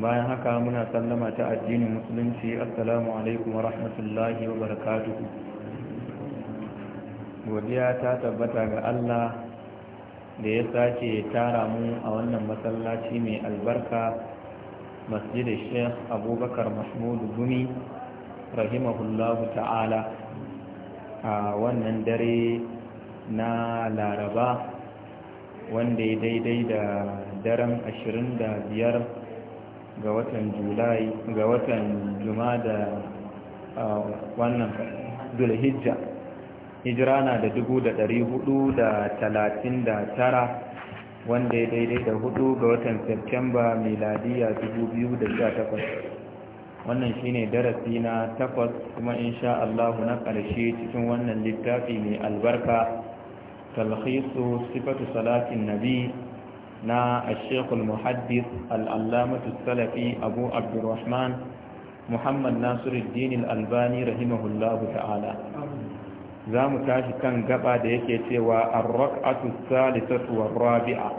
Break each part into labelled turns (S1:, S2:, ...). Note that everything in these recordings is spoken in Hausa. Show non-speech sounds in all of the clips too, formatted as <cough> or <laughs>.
S1: bayan haka muna sallama ta addinin musulunci assalamu alaikum wa rahmatullahi wa barakatuhu godiya ta tabbata ga Allah da ya sake tara mu a wannan masallaci mai albarka masjidin sheikh abubakar Mahmud gumi rahimahullahu ta'ala a wannan dare na laraba wanda ya daidai da daren biyar. ga watan julai ga watan jumada wannan zulhijja hijira na da dubu da dari hudu da talatin da tara wanda ya daidai da hudu ga watan septemba miladiya dubu biyu da sha takwas wannan shine darasi na takwas kuma insha Allah na karshe cikin wannan littafi mai albarka talhisu sifatu salatin nabi na ashekul muhaddis al'allamatu salafi abu abdurrahman muhammad nasiruddin albani rahimahullahu ta'ala za mu tashi kan gaba da yake cewa arrak'atu salisatu Rabi'a.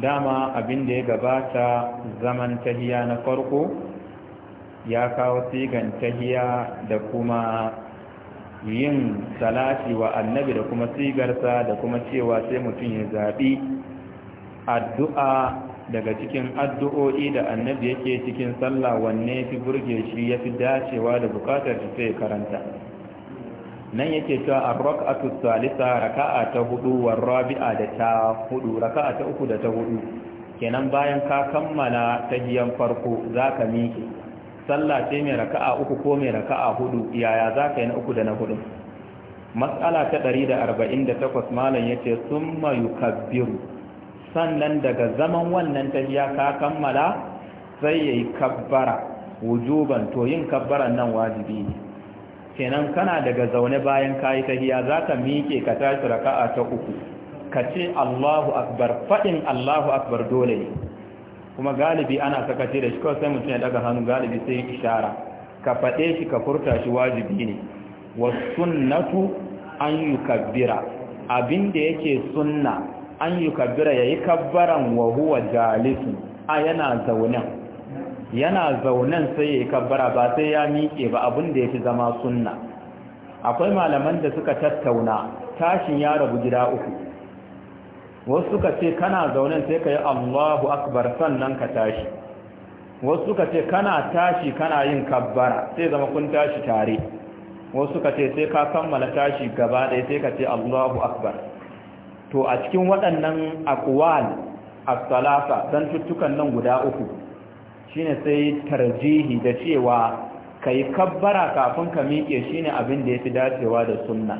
S1: dama abin da ya gabata zaman tahiya na farko ya kawo sigan tahiya da kuma yin salati wa annabi da kuma sigarsa da kuma cewa sai mutum ya zaɓi addu'a daga cikin addu'o'i da annabi yake cikin sallah wanne fi burge shi ya fi dacewa da bukatar shi sai karanta nan yake cewa a raka'atu salisa raka'a ta hudu wa rabi'a da ta hudu raka'a ta uku da ta hudu kenan bayan ka kammala ta biyan farko zaka miƙe sallah ce mai raka'a uku ko mai raka'a hudu yaya zaka yi na uku da na hudu mas'ala ta 148 malam yace summa yukabbiru sannan daga zaman wannan tafiya ka kammala sai yayi kabbara wujuban to yin kabbaran nan wajibi ne kenan kana daga zaune bayan kayi tahiya zaka miƙe ka tashi raka'a ta uku ka ce Allahu akbar fadin Allahu akbar dole ne kuma galibi ana sakace da shi kawai sai mutum ya daga hannu galibi sai ishara ka faɗe shi ka furta shi wajibi ne wa sunnatu an yukabbira abin da yake sunna an yi kabbira ya yi kabbaran wa huwa jalisu a yana zaunan. yana zaunen sai ya yi kabbara ba sai ya miƙe ba abin da ya fi zama sunna akwai malaman da suka tattauna tashin ya rabu gida uku wasu suka ce kana zaune sai ka yi allahu akbar sannan ka tashi wasu suka ce kana tashi kana yin kabbara sai zama kun tashi tare wasu suka ce sai ka kammala tashi gaba ɗaya sai ka ce allahu akbar to a cikin waɗannan aqwal as-salasa dan tuttukan nan guda uku shine sai tarjihi da cewa kai kabbara kafin ka miƙe shine abin da yafi dacewa da sunna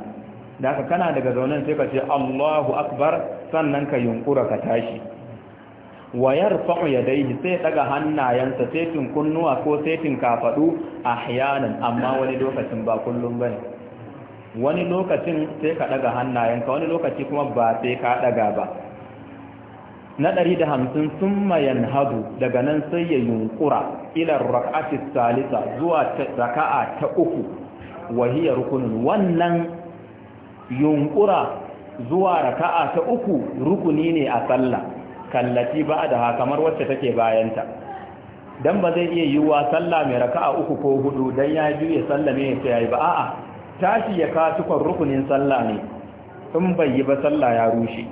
S1: da haka kana daga zaunan sai ka ce Allahu akbar sannan ka yunkura ka tashi wa yarfa'u yadayhi sai daga hannayensa sai kunnuwa ko sai tinkafadu ahyanan amma wani lokacin ba kullum bane wani lokacin sai ka daga hannayenka wani lokaci kuma ba sai ka ɗaga ba na ɗari da hamsin sun mayan hadu daga nan sai ya yunkura ilar raka'atis salisa zuwa raka'a ta uku wahiyar rukunin wannan yunkura zuwa raka'a ta uku rukuni ne a sallah kallati ba da ha kamar wacce take bayanta dan ba zai iya yiwuwa sallah mai raka'a uku ko hudu dan ya juye sallame ya sai ba a'a tashi ya katukon rukunin sallah ne in bai yi ba sallah ya rushe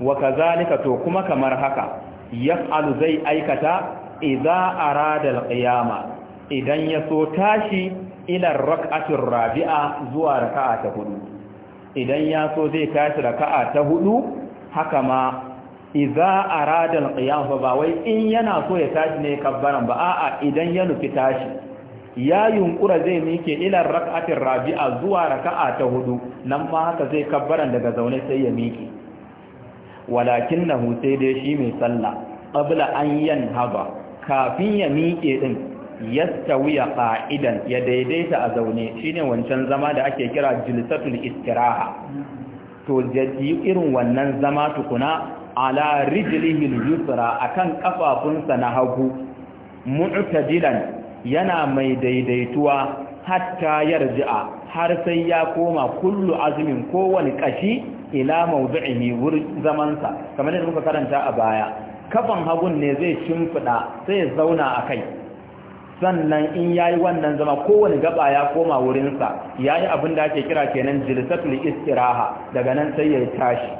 S1: wa kazalika to kuma kamar haka yaf'alu zai aikata idza arada alqiyama idan ya so tashi ila rak'atir rabi'a zuwa raka'a ta hudu idan ya so zai tashi raka'a ta hudu haka ma idza arada alqiyama ba wai in yana so ya tashi ne kabbaran ba a'a idan ya nufi tashi ya yunkura zai mike ila rak'atin rabi'a zuwa raka'a ta hudu nan ma haka zai kabbara daga zaune sai ya mike walakinnahu sai dai shi mai sallah ƙabla an yan haba kafin ya mike din yastawiya qa'idan ya daidaita a zaune shine wancan zama da ake kira jilsatul istiraha to jaji irin wannan zama tukuna ala rijlihi yusra akan kafafunsa na hagu mu'tadilan yana mai daidaituwa hatta yarji'a har sai ya koma kullu azmin kowane kashi ila mawdu'ihi wurin zamansa kamar yadda muka karanta a baya kafan hagun ne zai shimfida sai zauna a kai sannan in yayi wannan zama kowane gaba ya koma wurinsa yayi abin da ake kira kenan jilsatul istiraha daga nan sai ya tashi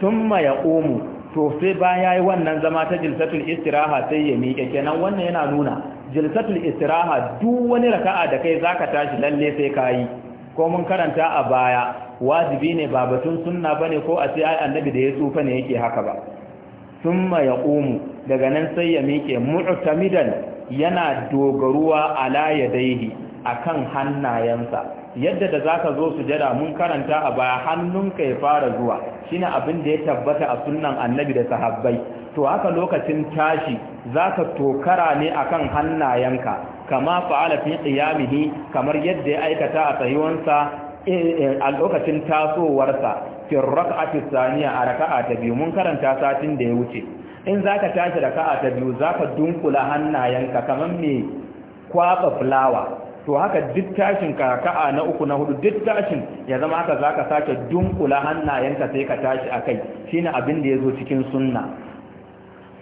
S1: thumma yaqumu to sai bayan yayi wannan zama ta jilsatul istiraha sai ya miƙe kenan wannan yana nuna jilsatul istiraha duk wani raka'a da kai zaka tashi lalle sai kayi ko mun karanta a baya wajibi ne ba batun sunna bane ko a sai annabi da ya tsufa ne yake haka ba summa yaqumu daga nan sai ya miƙe mu'tamidan yana dogaruwa ala yadaihi akan hannayensa yadda da zaka zo sujada mun karanta a baya hannunka ya fara zuwa shine abin da ya tabbata a sunnan annabi da sahabbai to haka lokacin tashi zaka tokara ne akan hannayenka kama fa'ala fi qiyamihi kamar yadda ya aikata a tsayuwansa eh, eh, a lokacin tasowarsa fi rak'ati thaniya a raka'a ta biyu mun karanta satin da ya wuce in zaka tashi raka'a ta biyu zaka dunkula hannayenka kamar me kwaba fulawa to haka duk tashin karaka'a na uku na hudu duk tashin ya zama haka zaka sake dunkula hannayenka sai ka tashi akai shine abin da yazo cikin sunna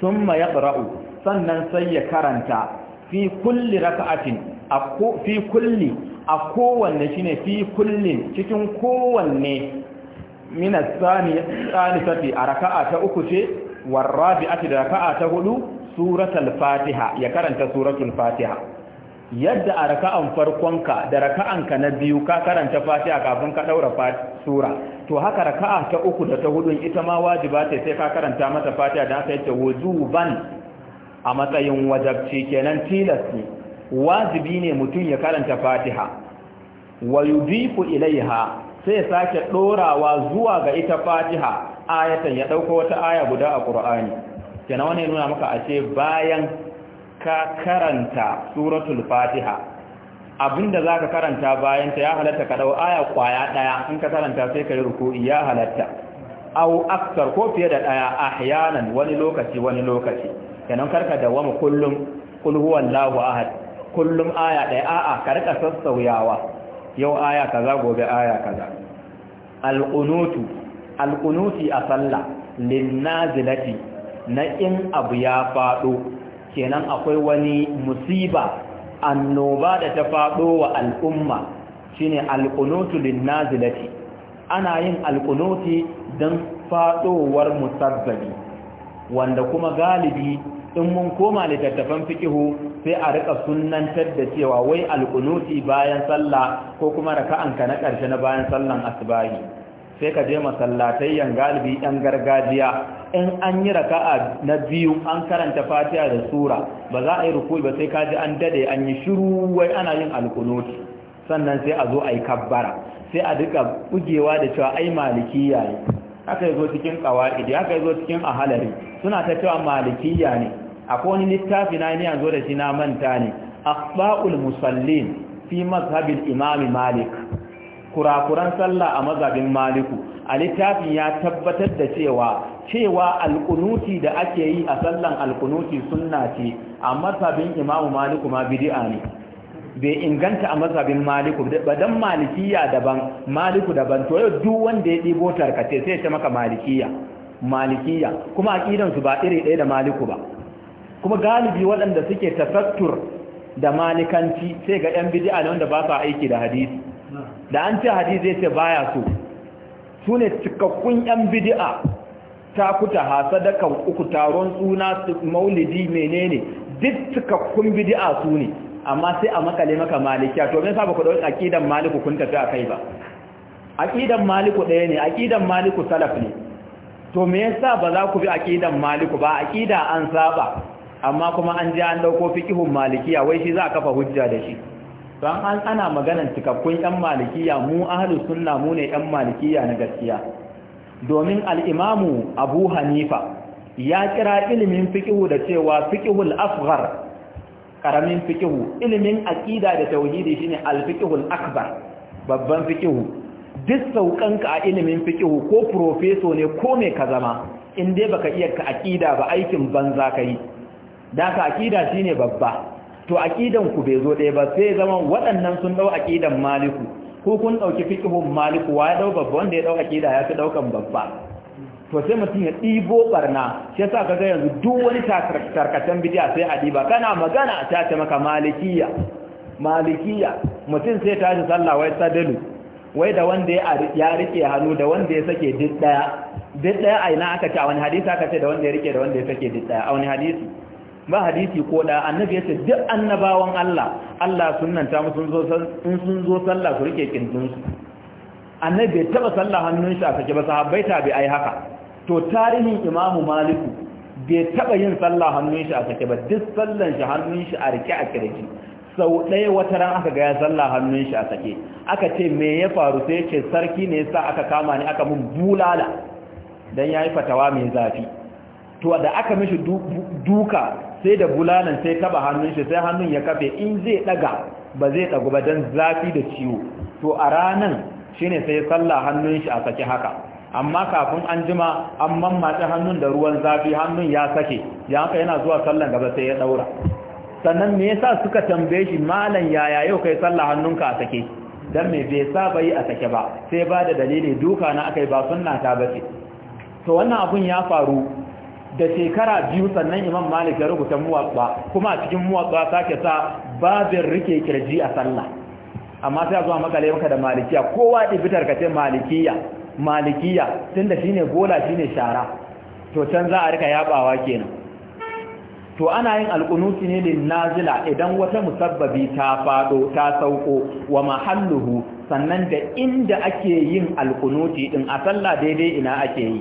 S1: thumma yaqra'u sannan sai ya karanta fi kulli raka'atin fi kulli a kowanne shine fi kullin cikin kowanne min as-sani salisati a raka'a ta uku ce warrabi'ati da raka'a ta hudu suratul fatiha ya karanta suratul fatiha yadda a raka'an farkonka da raka'anka na biyu ka karanta fatiha kafin ka daura sura to haka raka'a ta uku da ta hudu ita ma wajiba ce sai ka karanta mata fatiha dan sai yadda wujuban a matsayin wajabci kenan tilas ne wajibi ne mutum ya karanta fatiha wa yudifu ilaiha sai ya sake dorawa zuwa ga ita fatiha ayatan ya dauko wata aya guda a qur'ani kenan wannan nuna maka ashe bayan ka karanta suratul fatiha abinda za ka karanta bayanta ya halatta ka dau aya kwaya daya in ka karanta sai ka yi ruku'i ya halatta au aksar ko fiye da daya ahyanan wani lokaci wani lokaci kenan karka dawama kullum kulhuwan huwallahu ahad kullum aya daya a'a ka rika sassauyawa yau aya kaza gobe aya kaza alqunutu alqunuti a sallah linnazilati na in abu ya faɗo. kenan akwai wani musiba annoba da ta faɗo wa al'umma shine lin linnazilati ana yin al-qunuti dan faɗowar musabbabi wanda kuma galibi in mun koma littattafan fikihu sai a rika sunnantar da cewa wai al-qunuti bayan sallah ko kuma raka'anka na ƙarshe na bayan sallan asbahi sai ka je yan galibi yan gargajiya in an yi raka'a na biyu an karanta fatiha da sura ba za a yi rukui ba sai ka ji an dade an yi shiru wai ana yin alkunuti sannan sai a zo a yi kabbara sai a duka bugewa da cewa ai maliki yayi haka yazo cikin qawaidi haka yazo cikin ahalari suna ta cewa maliki ya ne akwai wani littafi na ni zo da shi na manta ne akhbaul musallin fi mazhabil Imami malik kurakuran sallah a mazabin maliku a littafin ya tabbatar da cewa cewa alkunuti da ake yi a sallan alkunuti sunna ce a mazabin imamu maliku ma bidi'a ne bai inganta a mazabin maliku ba dan malikiya daban maliku daban to yau duk wanda ya ɗibo tarkace sai ya maka malikiya malikiya kuma a su ba iri ɗaya da maliku ba kuma galibi waɗanda suke tafattur da malikanci sai ga yan bidi'a ne wanda ba sa aiki da hadisi da an ce hadisi ya ce baya so su ne cikakkun yan bidi'a kuta ha sadakan uku taron suna maulidi menene duk cikakkun bidi'a su ne amma sai a makale maka malikiya to me sa ba ku dauki aqidan maliku kun tafi kai ba aqidan maliku ɗaya ne aqidan maliku salaf ne to me yasa ba za ku bi aqidan maliku ba aqida an saba amma kuma an ji an ɗauko fiqhun malikiya wai shi za a kafa hujja da shi don an ana maganan cikakkun yan malikiya mu ahli sunna mu ne yan malikiya na gaskiya domin al'imamu abu hanifa ya kira ilimin fikihu da cewa fikihul afghar ƙaramin fikihu ilimin aƙida da tauhidi shine alfikihul akbar babban fikihu duk saukanka a ilimin fikihu ko profeso ne ko mai ka zama in dai baka iya ka aƙida ba aikin banza kai da ka aqida shine babba to aqidan ku bai zo ɗaya ba sai zaman waɗannan sun dau aqidan maliku ko kun dauki fiqhun maliku wa ya dau babba wanda ya dau aqida ya fi daukan babba to sai mutum ya dibo barna shi yasa kaga yanzu duk wani tarkatan bid'a sai a diba kana magana a tace maka malikiya malikiya mutum sai tashi sallah wai sadalu wai da wanda ya rike hannu da wanda ya sake duk daya duk daya a ina aka ce a wani hadisi aka ce da wanda ya rike da wanda ya sake duk daya a wani hadisi ba hadisi ko da annabi yace duk annabawan Allah Allah sunnanta musu sun zo sallah su rike kintin su annabi bai taba sallah hannun shi a sake ba sahabbai tabi ai haka to tarihin imamu maliku bai taba yin sallah hannun shi a sake ba duk sallan shi hannun shi a rike a kirji sau ɗaya wata ran aka ga ya sallah hannun shi a sake aka ce me ya faru sai ce sarki ne yasa aka kama ni aka mun bulala dan yayi fatawa mai zafi to da aka mishi duka sai da bulalan sai taba hannun shi sai hannun ya kafe in zai daga ba zai dagu ba dan zafi da ciwo to a ranan shine sai sallah hannun shi a sake haka amma kafin an jima an mammace hannun da ruwan zafi hannun ya sake ya haka yana zuwa sallan gaba sai ya daura sannan me yasa suka tambaye shi malam yaya yau kai sallar hannunka a sake dan me bai saba yi a sake ba sai ba da dalili duka na akai ba sunna ta bace to wannan abun ya faru da shekara biyu sannan imam malik ya rubuta muwatsa kuma a cikin muwatsa sake sa babin rike kirji a sallah amma sai zuwa makale maka da malikiya kowa ɗibitar ka ce malikiya malikiya tunda shine gola shine shara to can za a rika yabawa kenan to ana yin alƙunuti ne lin nazila idan wata musabbabi ta fado ta sauko wa mahalluhu sannan da inda ake yin alqunuti din a sallah daidai ina ake yi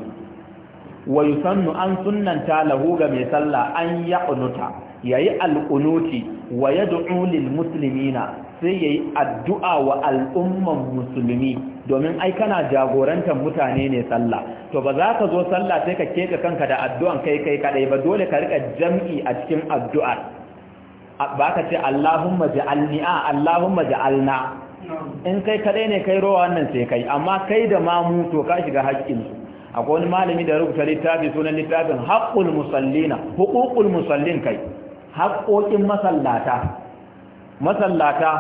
S1: wa yusannu an sunnanta lahu ga mai sallah an ya kunuta yayi alqunuti wa yad'u lil muslimina sai yayi addu'a wa al'umman musulmi domin ai kana jagorantar mutane ne sallah to ba za ka zo sallah sai ka keka kanka da addu'an kai kai kadai ba dole ka rika jam'i a cikin addu'a ba ka ce Allahumma ja'alni a Allahumma ja'alna in kai kadai ne kai rowa wannan sai kai amma kai da mamu to ka shiga haƙƙinsu akwai wani malami da rubuta littafi sunan littafin haqqul musallina huququl musallin kai Haƙƙoƙin masallata masallata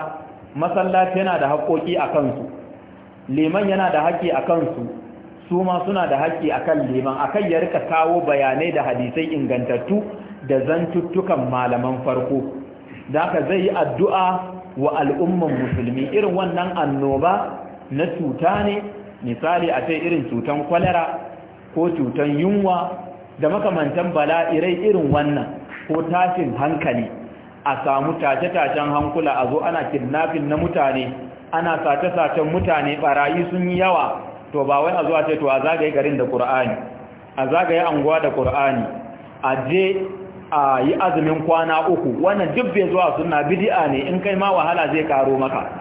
S1: masallaci yana da haƙƙoƙi a kansu liman yana da haƙƙi a kansu su ma suna da haƙƙi a kan liman a kan ya rika kawo bayanai da hadisai ingantattu da zantuttukan malaman farko da haka zai yi addu'a wa al'umman musulmi irin wannan annoba na cuta ne misali a ce irin cutan kwalara ko cutan yunwa da makamantan bala'irai irin wannan ko tashin hankali a samu tashe-tashen hankula a zo ana kidnapping na mutane ana sace-sacen mutane barayi sun yi yawa to ba wai a zuwa ce to a zagaye garin da ƙur'ani a zagaye anguwa da ƙur'ani a je a yi azumin kwana uku wannan duk bai zuwa suna bidi'a ne in kai ma wahala zai karo maka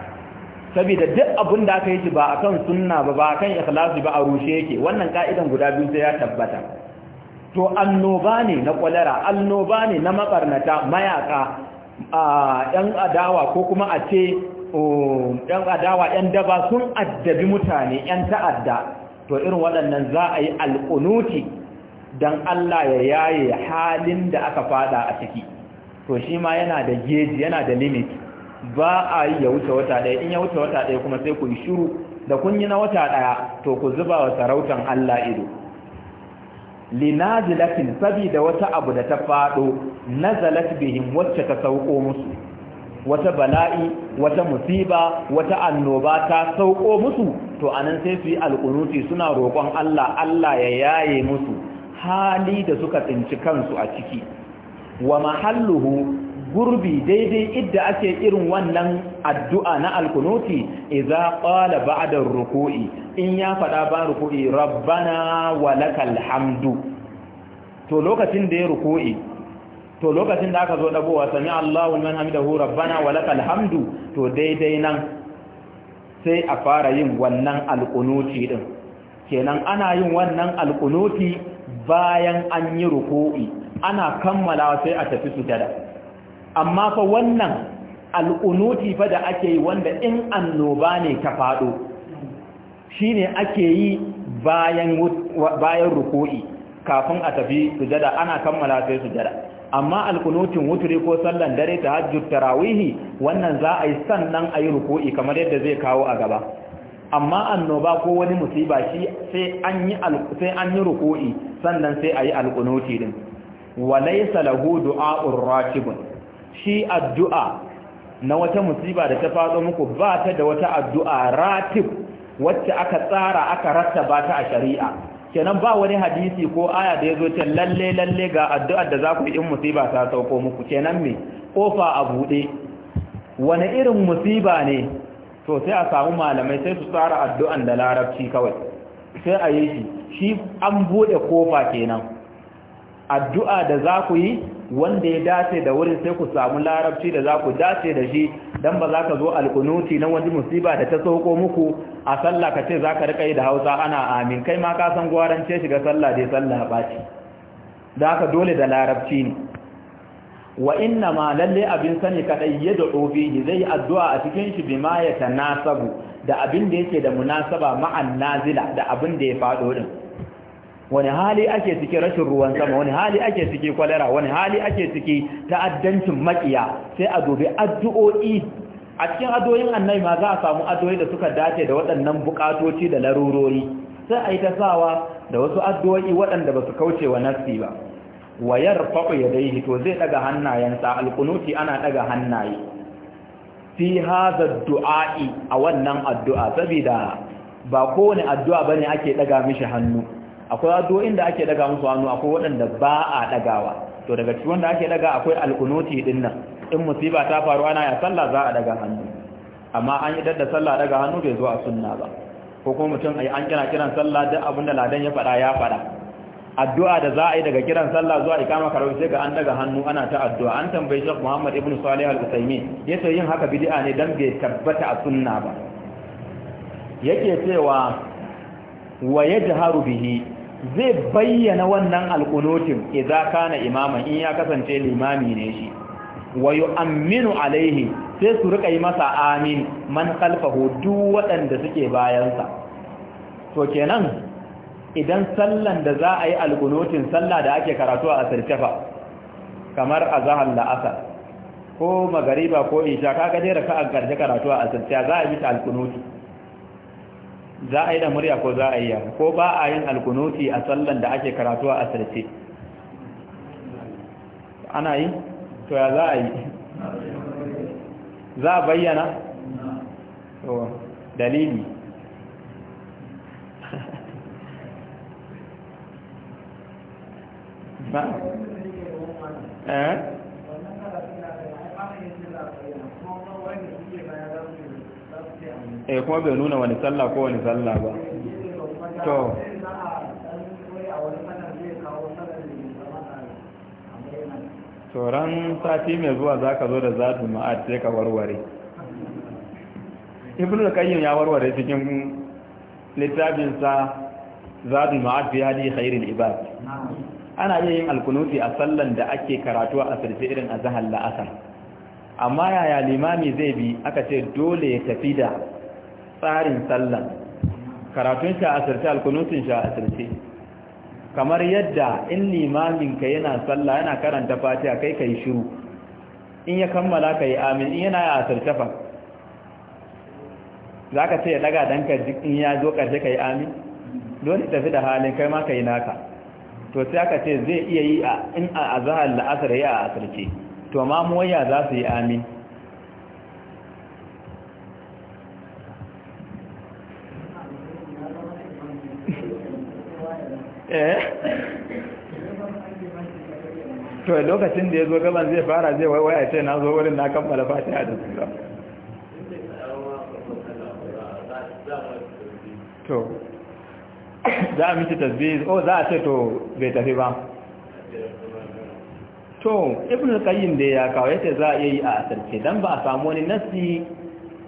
S1: saboda duk abin da aka yi ba akan sunna ba ba akan ikhlasi ba a rushe yake wannan ka'idan guda biyu sai ya tabbata to annoba ne na kwalara annoba ne na makarnata mayaka yan adawa ko kuma a ce yan adawa yan daba sun addabi mutane yan ta'adda to irin waɗannan za a yi alƙunuti don Allah ya yaye halin da aka fada a ciki to shi ma yana da geji yana da limit ba a yi ya wuce wata ɗaya in ya wuce wata ɗaya kuma sai ku yi shiru da kun yi na wata ɗaya to ku zuba wa sarautan Allah ido linazilatin sabida wata abu da ta faɗo nazalat bihim wacce ta sauko musu wata bala'i wata musiba wata annoba ta sauko musu to anan sai su yi alƙunuti suna roƙon Allah Allah ya yaye musu hali da suka tsinci kansu a ciki wa mahalluhu gurbi daidai idda ake irin wannan addu'a na alkunuti idza qala da ruku'i in ya faɗa ba ruku'i rabbana walakal hamdu to lokacin da ya ruku'i to lokacin da aka zo dabowa sami Allahu liman hamidahu rabbana walakal hamdu to daidai nan sai a fara yin wannan alkunuti din kenan ana yin wannan alkunuti bayan an yi ruku'i ana kammala sai a tafi sujada amma fa wannan al'unuti fa da ake yi wanda in annoba ne ta faɗo shine ake yi bayan ruku'i kafin a tafi sujada ana kammala sai sujada amma al'unutin wuturi ko sallan dare ta hajjur tarawihi wannan za a yi sannan a yi ruku'i kamar yadda zai kawo a gaba amma annoba ko wani musiba shi sai an yi ruku'i sannan sai a yi al'unuti din walai salahu du'a'ur rakibun shi addu'a na wata musiba da ta faɗo muku ba ta da wata addu'a ratib wacce aka tsara aka ba ta a shari'a kenan ba wani hadisi ko aya da ya zo ce lalle lalle ga addu'a da za ku yi in musiba ta sauko muku kenan me kofa a buɗe wani irin musiba ne to sai a samu malamai sai su tsara addu'an da larabci kawai sai a yi shi shi an buɗe kofa kenan addu'a da za ku yi wanda ya dace da wurin sai ku samu larabci da za ku dace da shi don ba za ka zo alkunuti na wani musiba da ta sauko muku a sallah ka ce za ka riƙa yi da hausa ana amin kai ma ka san gwarance shiga sallah dai sallah ɓaci da ka dole da larabci ne wa inna ma lalle abin sani kaɗai ya da ofihi zai yi addu'a a cikin shi bi ma ya ta nasabu da abin da yake da munasaba ma'an nazila da abin da ya faɗo ɗin wani hali ake ciki rashin ruwan sama wani hali ake ciki kwalara wani hali ake ciki ta'addancin makiya sai a dobe addu'o'i a cikin addu'o'in annabi ma za a samu addu'o'i da suka dace da waɗannan buƙatoci da larurori sai a yi ta sawa da wasu addu'o'i waɗanda ba su kauce wa nafsi ba wayar faɓo ya dai to zai ɗaga hannayensa alƙunuti ana ɗaga hannaye fi haza du'a'i a wannan addu'a saboda ba kowane addu'a bane ake ɗaga mishi hannu akwai addu'o'in da ake daga musu hannu akwai waɗanda ba a dagawa to daga cikin wanda ake daga akwai alkunuti dinnan, in musiba ta faru ana ya sallah za a daga hannu amma an yi dadda sallah daga hannu bai zo a sunna ba ko kuma mutum ai an kira kiran sallah duk abin da ladan ya fada ya faɗa addu'a da za a yi daga kiran sallah zuwa ikama karau sai ga an daga hannu ana ta addu'a an tambayi Sheikh Muhammad Ibn Salih al ya yace yin haka bid'a ne dan bai tabbata a sunna ba yake cewa wa yajharu bihi zai bayyana wannan alkunutin idza kana imaman in ya kasance limami ne shi Wayu Aminu alaihi sai su rika yi masa amin man khalfahu duk waɗanda suke bayansa to kenan idan sallan da za a yi alkunutin sallah da ake karatu a asirtafa kamar azhar la'asar ko magariba ko isha kaga dai raka'a karatu a asirtafa za a yi ta alkunuti za a yi da murya ko za a yi ko ba a yin alkunuti a sallan da ake karatu a asirce ana yi to ya za a yi za a bayyana dalili <laughs> eh eh kuma bai nuna wani sallah ko wani sallah ba to tsoron sati mai zuwa za ka zo da zatu ma'ad sai ka warware ibn al-qayyim ya warware cikin littafinsa zatu ma'ad fi hadi khairil ibad ana iya yin alkunuti a sallan da ake karatu a asirce irin a zahar la'asar amma yaya limami zai bi aka ce dole ya tafi da tsarin sallan karatun sha asirce alkunutun sha asirce kamar yadda in ka yana sallah yana karanta fatiha kai kai shiru in ya kammala ka yi amin in yana ya asirce fa za ka ce ya daga danka in ya zo ƙarshe ka yi amin dole tafi da halin kai ma ka naka to sai aka ce zai iya yi a in a zahar la'asar ya a asirce to ma muwayya za su yi amin eh to lokacin da ya zo gaban zai fara zai waiwaya ce na zo wurin na kammala fatiha da sura to za a miki tasbih o oh, za a ce to bai tafi ba to ibn al-qayyim da ya kawo yace za a yi a asarce dan ba a samu wani nasi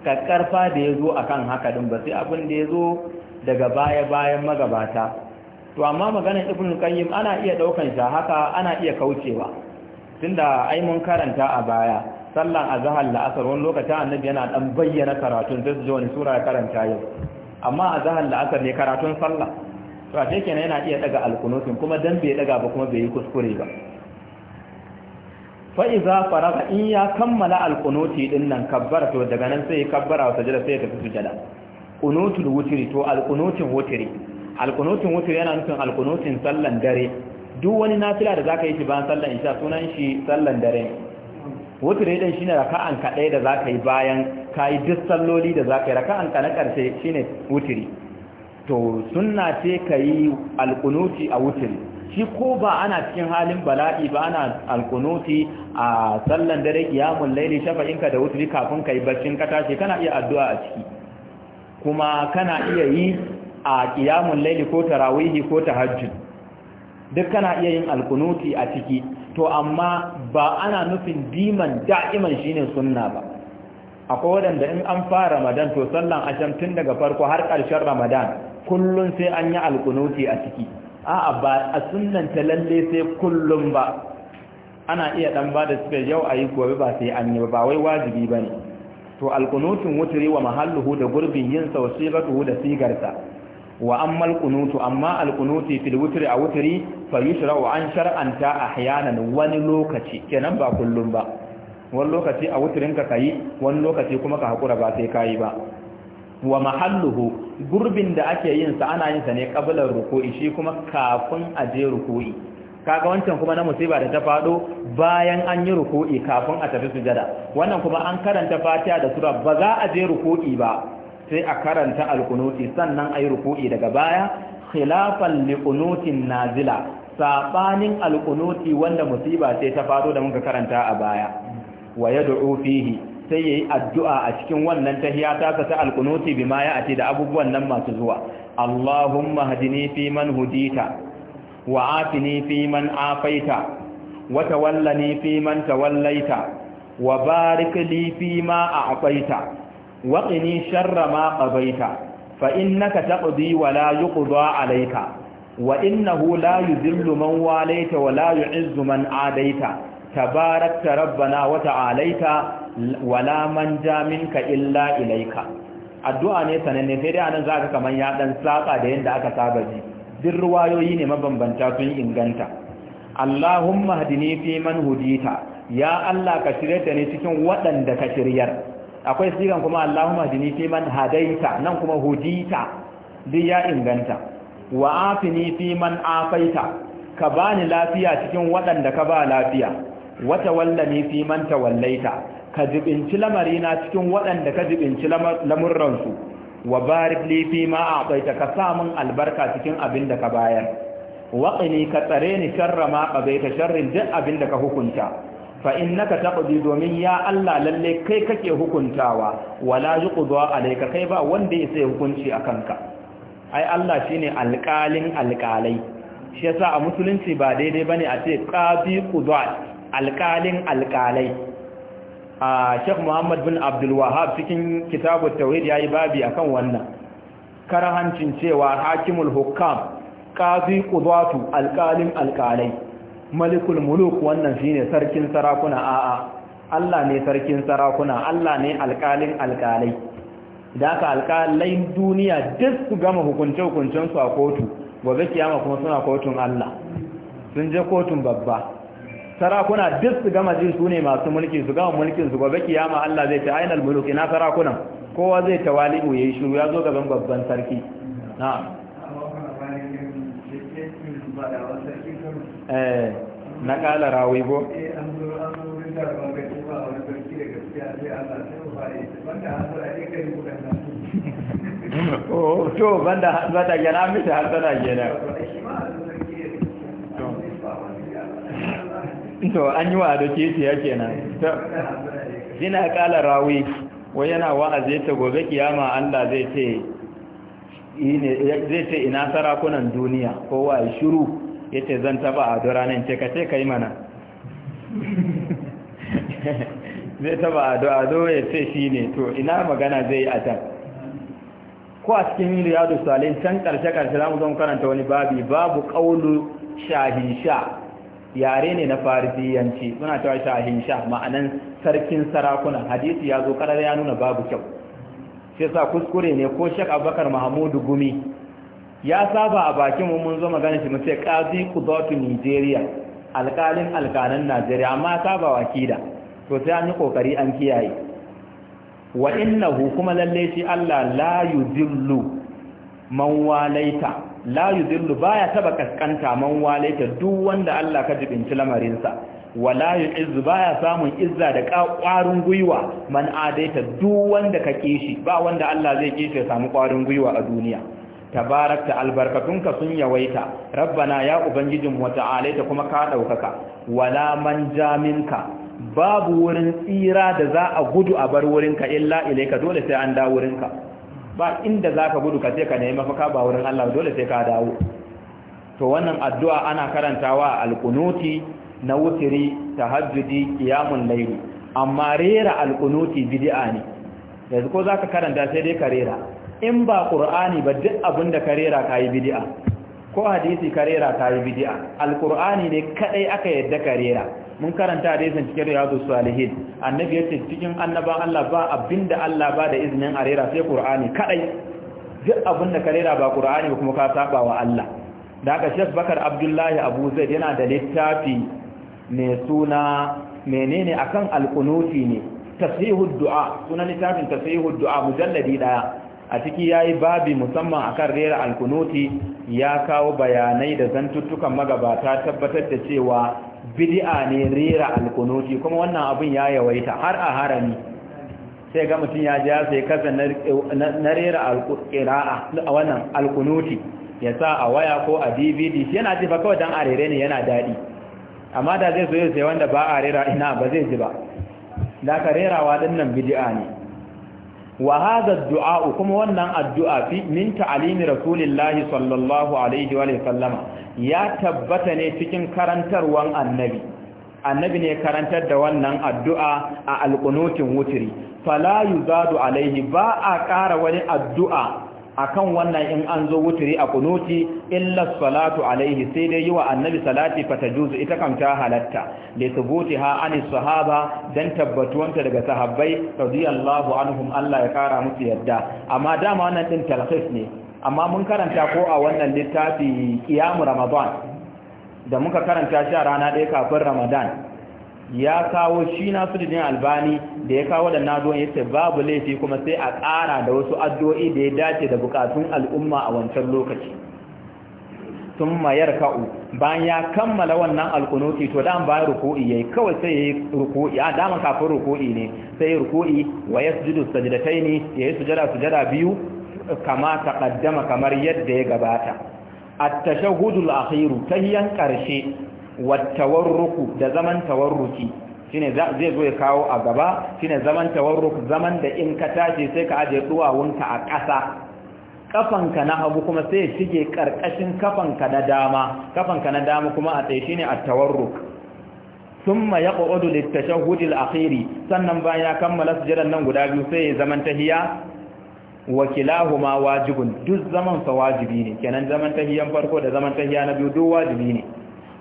S1: kakkarfa da a akan haka din ba sai abin da ya zo daga baya bayan magabata to amma maganar ibn qayyim ana iya daukan sa haka ana iya kaucewa tunda ai mun karanta a baya sallan azhar la'asar wani lokacin annabi yana dan bayyana karatun da zuwa wani sura karanta yau amma azhar la'asar ne karatun sallah to a cikin yana iya daga alqunutin kuma dan bai daga ba kuma bai yi kuskure ba fa iza faraga in ya kammala alqunuti din nan kabbara to daga nan sai ya kabbara wa sajada sai ya tafi sujada qunutul wutri to alqunutin wutri alkunutin wutur yana nufin alkunutin sallan dare duk wani nafila da zaka yi shi bayan sallan isha sunan shi sallan dare wutur ne dan ne raka'an ka da zaka yi bayan kai duk salloli da zaka yi raka'an ka na karshe shine wuturi to sunna ce kai alkunuti a wutiri. shi ko ba ana cikin halin bala'i ba ana alkunuti a sallan dare qiyamul laili shafa'inka da wutiri kafin kai barcin ka tashi kana iya addu'a a ciki kuma kana iya yi a ƙiyamun laili ko tarawihi ko tahajjud duk kana iya yin alkunuti a ciki to amma ba ana nufin diman da'iman shine sunna ba akwai waɗanda in an fara ramadan to sallan asham tun daga farko har ƙarshen ramadan kullum sai an yi alkunuti a ciki a'a ba a ta lalle sai kullum ba ana iya dan ba da suka yau ayi gobe ba sai an yi ba wai wajibi ba ne to alkunutin wuturi wa mahalluhu da gurbin yin sa da sigarsa wa amma alqunutu amma alkunuti fil wutri a wutri fa wa an shar'anta ahyanan wani lokaci kenan ba kullum ba wani lokaci a wutrin ka kai wani lokaci kuma ka hakura ba sai kai ba wa mahalluhu gurbin da ake yin sa ana yin sa ne qablan ruku'i shi kuma kafin a je ruku'i kaga wancan kuma na musiba da ta fado bayan an yi ruku'i kafin a tafi sujada wannan kuma an karanta fatiha da sura ba za a je ruku'i ba sai a karanta alkunuti sannan ayi ruku'i daga baya khilafan liqunutin nazila sabanin alkunuti wanda musiba sai ta faro da muka karanta a baya wa yad'u fihi sai yayi addu'a a cikin wannan tahiya ta ta alkunuti bima ya ati da abubuwan nan masu zuwa Allahumma hadini fi man hudita wa afini fi man afaita wa tawallani fi man tawallaita wa barik li fi ma a'taita waqini sharra ma ka fa innaka taqdi wa la yuqda alayka wa innahu la yuzillu man walaita wa la yu'izzu man adaita tabarakta rabbana wa ta'alaita wa la manja minka illa ilaika. addu'a ne sananne sai dai anan zaka kaman ya saƙa da yanda aka saba ji duk ruwayoyi ne mabambanta sun inganta Allahumma hadini fi man hudita ya Allah ka shirya da ni cikin waɗanda ka shiryar akwai sigan kuma Allahumma dini fi man hadaita nan kuma hudita duk ya inganta wa afini fi man afaita ka bani lafiya cikin waɗanda ka ba lafiya wata tawallani fi man tawallaita ka jibinci lamarina cikin waɗanda ka jibinci lamurransu wa barik li fi ma a'taita ka sa min albarka cikin abin da ka bayar qini ka tsare ni sharra ma qabaita sharrin duk abin da ka hukunta fa innaka taqdi domin ya Allah lalle kai kake hukuntawa wala yuqda alayka kai ba wanda ya sai hukunci akan ka ai Allah shine alƙalin alƙalai shi yasa a musulunci ba daidai bane a ce qadi qudwa alƙalin alƙalai a Sheikh Muhammad bin Abdul Wahhab cikin kitabut tauhid yayi babi akan wannan karahancin cewa hakimul hukam qadi qudwatu alkalin alƙalai malikul muluk wannan shine sarkin sarakuna a'a Allah ne sarkin sarakuna Allah ne alƙalin alƙalai da aka alƙalai duniya duk su gama hukunce hukuncin su a kotu gobe kiyama kuma suna kotun Allah sun je kotun babba sarakuna duk su gama jin su ne masu mulki su gama mulkin su gobe kiyama Allah zai ta ainal muluk ina sarakunan kowa zai tawali'u yayi shiru ya zo gaban babban sarki na'am Eh, na ƙala rawi ko to banda hasada gina mita hasada gina to an yi wa a doke ya to zina kala rawi wai yana wa'azi ta gobe kiyama Allah zai ce ina sarakunan duniya kowa ya shiru yace zan taba ado ranar ce ka ce ka yi mana <laughs> zai taba ado ado ya ce shi ne to ina magana zai yi a can ko a cikin riyadu salin can karshe karshe za mu zan karanta wani babi babu ƙaulu shahin sha yare ne na farisiyanci suna cewa shahin sha ma'anan sarkin sarakuna hadisi ya zo karar ya nuna babu kyau sai sa kuskure ne ko shek abubakar mahamudu gumi ya saba a bakin mu mun zo magana shi mace kazi kudotu nigeria alkalin alkalan najeriya amma saba wakida to sai an yi kokari an kiyaye wa innahu kuma lalle shi allah la yudillu man walaita la yudillu baya taba kaskanta man walaita duk wanda allah ka jibinci lamarinsa wala yu'izzu baya samun izza da ƙwarin gwiwa man adaita duk wanda ka kishi ba wanda allah zai kishi ya samu ƙwarin gwiwa a duniya tabarakta albarkatunka sun yawaita rabbana ya ubangijin alaita kuma ka daukaka wala man jaminka babu wurin tsira da za a gudu a bar wurinka illa ilaika dole sai an dawo wurinka ba inda za gudu ka ce ka nemi mafaka ba wurin Allah dole sai ka dawo to wannan addu'a ana karantawa alqunuti na wutiri tahajjudi qiyamul layl amma rera alqunuti bid'a ne yanzu ko zaka karanta sai dai ka rera in ba ƙur'ani ba duk abin da karera ka yi bidi'a ko hadisi karera ka yi bidi'a alƙur'ani ne kaɗai aka yadda karera mun karanta hadisin cikin riyadu salihin annabi yace cikin annaban Allah ba abinda Allah ba da izinin arera sai ƙur'ani kaɗai duk abin da karera ba ƙur'ani ba kuma ka saba wa Allah da aka shek bakar abdullahi abu zaid yana da littafi mai suna menene akan alƙunuti ne tasihud du'a sunan littafin tasihud du'a mujalladi daya a ciki ya yi babi musamman a kan rera alkunuti ya kawo bayanai da zantuttukan magabata tabbatar da cewa bidi'a ne rera alkunuti kuma wannan abin ya yawaita har a harami sai ga mutum ya ji ya sai kasa na rera alkunuti ya sa a waya ko a dvd yana ji ba kawai don a rere ne yana daɗi amma da zai zo ya sai wanda ba a rera ina ba zai ji ba da ka rerawa ɗin nan bidi'a ne wa hadha du'a kuma wannan addu'a fi min ta'alimi rasulillahi sallallahu alaihi wa sallama ya tabbata ne cikin karantarwan annabi annabi ne karantar da wannan addu'a a alqunutin wutri fala yuzadu alaihi ba a ƙara wani addu'a akan wannan in an zo wuturi a kunuti illa salatu alaihi sai dai yiwa annabi salati fatajuzu ita kan ta halatta li ha ani sahaba dan tabbatuwanta daga sahabbai radiyallahu anhum Allah ya kara musu yadda amma dama wannan din talhis ne amma mun karanta ko a wannan littafi kiyamu ramadan da muka karanta shi a rana ɗaya kafin ramadan ya kawo shi na Nasiruddin Albani da ya kawo da nazo ya ce babu laifi kuma sai a tsara da wasu addu'o'i da ya dace da bukatun al'umma a wancan lokaci sun mayar ka'u bayan ya kammala wannan alkunuti to dan bayan ruku'i yayi kawai sai yayi ruku'i a dama kafin ruku'i ne sai ruku'i wa yasjudu sajdataini yayi sujada sujada biyu kama taqaddama kamar yadda ya gabata at-tashahhudul akhir tahiyyan karshe wattawarruku da zaman tawarruki shine zai zo ya kawo a gaba shine zaman tawarruk zaman da in ka tashi sai ka aje duwawunka a ƙasa kafanka na hagu kuma sai ya shige karkashin kafanka na dama kafanka na dama kuma a tsaye shine at-tawarruk thumma yaqudu lit-tashahhud al-akhiri sannan bayan ya kammala sujudan nan guda biyu sai ya zaman tahiya wa kilahuma wajibun duk zaman sa wajibi ne kenan zaman tahiyyan farko da zaman tahiyya na biyu duk wajibi ne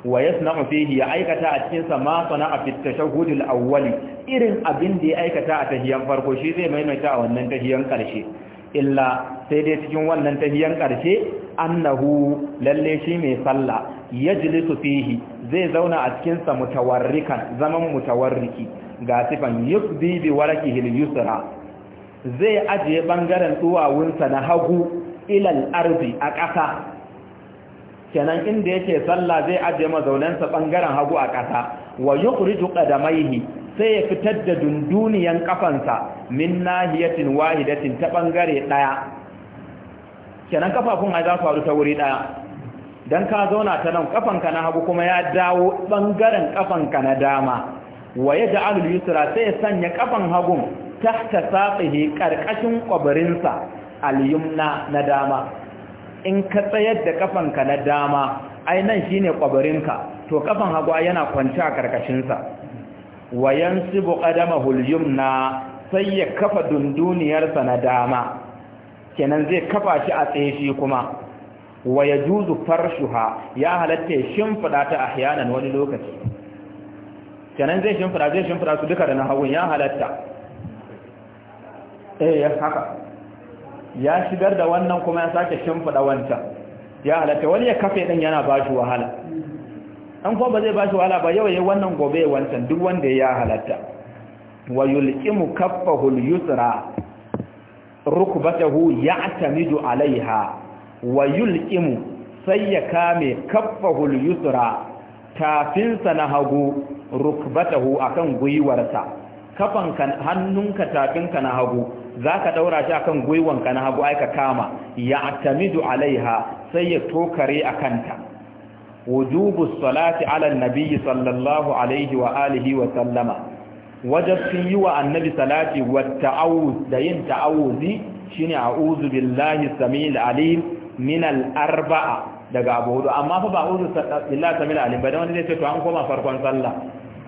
S1: wa yasna'u fihi ya aikata a cikinsa sa ma sana'a fi tashahhudil awwali irin abin da ya aikata a tahiyan farko shi zai maimaita a wannan tahiyan karshe illa sai dai cikin wannan tahiyan karshe annahu lalle shi mai sallah yajlisu fihi zai zauna a cikinsa mutawarrikan zaman mutawarriki ga sifan yusbi bi warakihi yusra zai ajiye bangaren duwawunsa na hagu ilal arzi a ƙasa kenan inda yake sallah zai ajiye mazaunansa bangaren hagu a ƙasa wa yukhriju qadamaihi sai ya fitar da dunduniyan kafansa min nahiyatin wahidatin ta bangare daya kenan kafafun ai za su haɗu ta wuri daya dan ka zauna ta nan kafanka na hagu kuma ya dawo bangaren kafanka na dama wa yaj'alul yusra sai ya sanya kafan hagun tahta saqihi karkashin kwabarinsa al-yumna na dama in ka tsayar da kafanka na dama ai nan shine kwabarinka to kafan hagwa yana kwance a karkashinsa wayan sibu qadamahu al-yumna sai ya kafa dunduniyarsa na dama kenan zai kafa shi a tsaye shi kuma wa yajuzu farshuha ya halatta shimfida ta ahyanan wani lokaci kenan zai shimfida zai shimfida su duka da na hagun ya halatta eh haka ya shigar da wannan kuma ya sake shimfiɗa wancan ya halatta wani ya kafe ɗin yana ba shi wahala an kuma ba zai ba shi wahala ba yau ya wannan gobe wancan duk wanda ya halatta wa yulqimu kaffahu al-yusra rukbatahu ya'tamidu alaiha wa yulqimu sai ya kame kaffahu al-yusra tafinsa na hagu rukbatahu akan gwiwarsa kafan hannunka tafinka na hagu za ka ɗaura shi akan gwiwanka na hagu aika kama ya tamidu alaiha sai ya tokare a kanta wujubu salati ala nabiyyi sallallahu alaihi wa alihi wa sallama wajabcin yi wa annabi salati wa ta'awuz da yin ta'awuzi shine a'udhu billahi samil alim min al arba'a daga abu hudu amma fa ba a'udhu billahi samil alim ba dan wanda zai ce to an koma farkon sallah